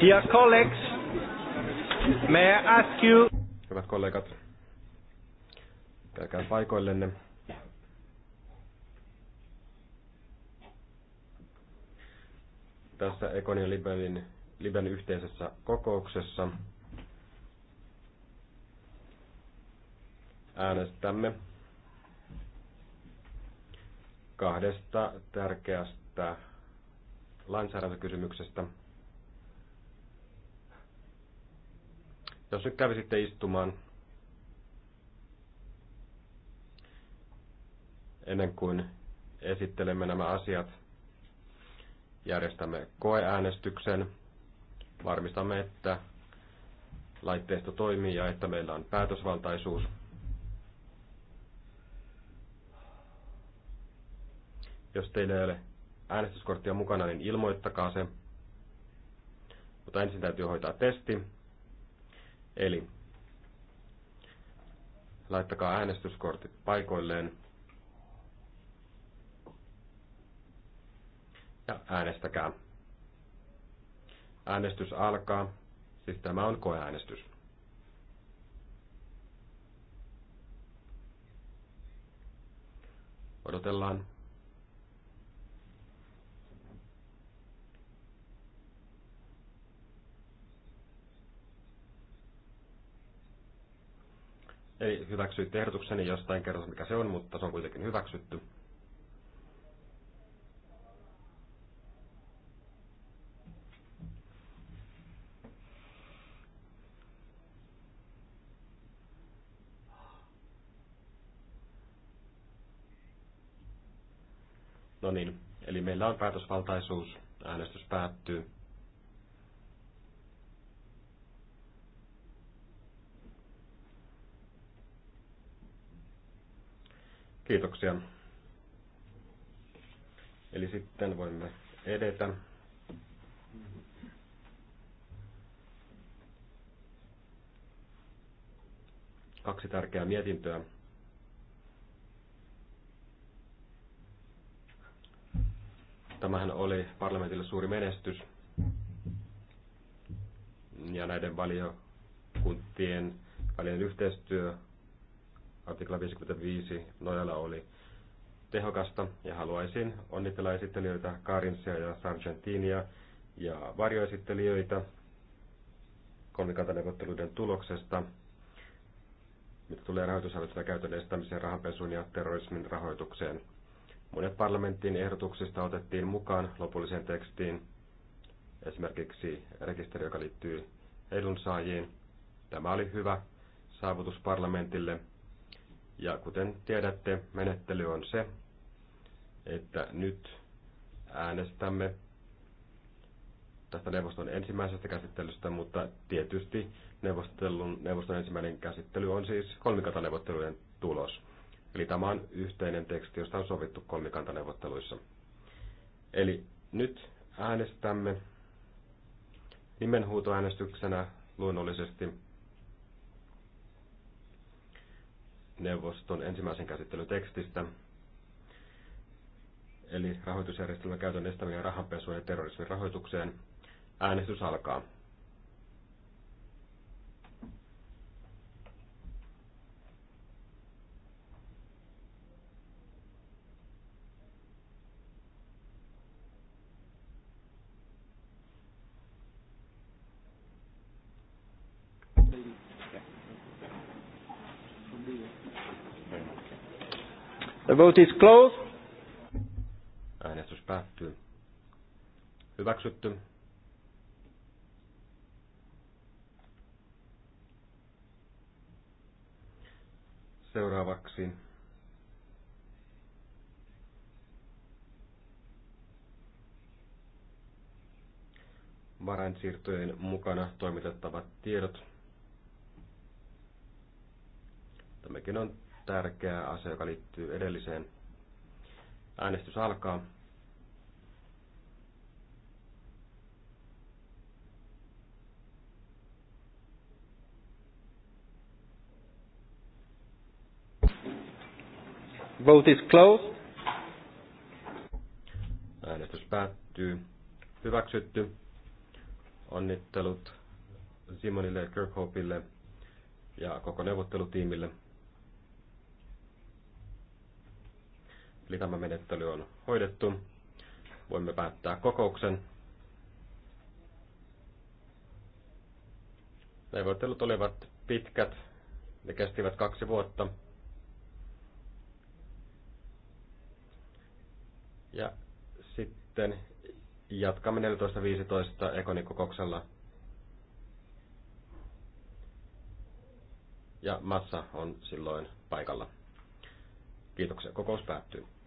Dear colleagues, may I ask you... Hyvät kollegat, käykää paikoillenne. Tässä Ekon ja Libelin, Liben yhteisessä kokouksessa äänestämme kahdesta tärkeästä lainsäädäntökysymyksestä – Jos nyt kävisitte istumaan ennen kuin esittelemme nämä asiat, järjestämme koeäänestyksen, varmistamme, että laitteisto toimii ja että meillä on päätösvaltaisuus. Jos teillä ei ole äänestyskorttia mukana, niin ilmoittakaa se. Mutta ensin täytyy hoitaa testi. Eli laittakaa äänestyskortit paikoilleen ja äänestäkää. Äänestys alkaa, siis tämä on koeäänestys. Odotellaan ei hyväksy ehdotukseni jostain kerros, mikä se on, mutta se on kuitenkin hyväksytty. No niin, eli meillä on päätösvaltaisuus, äänestys päättyy. Kiitoksia. Eli sitten voimme edetä. Kaksi tärkeää mietintöä. Tämähän oli parlamentille suuri menestys. Ja näiden valiokuntien välinen yhteistyö artikla 55 nojalla oli tehokasta ja haluaisin onnitella esittelijöitä Karinsia ja Sargentinia ja varjoesittelijöitä kolmikantaneuvotteluiden tuloksesta, mitä tulee rahoitusharjoitusten käytön estämiseen, rahanpesun ja terrorismin rahoitukseen. Monet parlamenttiin ehdotuksista otettiin mukaan lopulliseen tekstiin, esimerkiksi rekisteri, joka liittyy edunsaajiin. Tämä oli hyvä saavutus parlamentille ja kuten tiedätte, menettely on se, että nyt äänestämme tästä neuvoston ensimmäisestä käsittelystä, mutta tietysti neuvostelun, neuvoston ensimmäinen käsittely on siis kolmikantaneuvottelujen tulos. Eli tämä on yhteinen teksti, josta on sovittu kolmikantaneuvotteluissa. Eli nyt äänestämme nimenhuutoäänestyksenä luonnollisesti neuvoston ensimmäisen käsittelyn tekstistä, eli rahoitusjärjestelmän käytön estäminen rahanpesuun ja terrorismin rahoitukseen. Äänestys alkaa. The vote is closed. Äänestys päättyy. Hyväksytty. Seuraavaksi varainsiirtojen mukana toimitettavat tiedot. Tämäkin on tärkeä asia, joka liittyy edelliseen. Äänestys alkaa. Vote is closed. Äänestys päättyy. Hyväksytty. Onnittelut Simonille ja Kirkhopeille ja koko neuvottelutiimille. Eli tämä menettely on hoidettu. Voimme päättää kokouksen. Neuvottelut olivat pitkät. Ne kestivät kaksi vuotta. Ja sitten jatkamme 14.15 Ekonikokouksella. Ja massa on silloin paikalla. Kiitoksia. Kokous päättyy.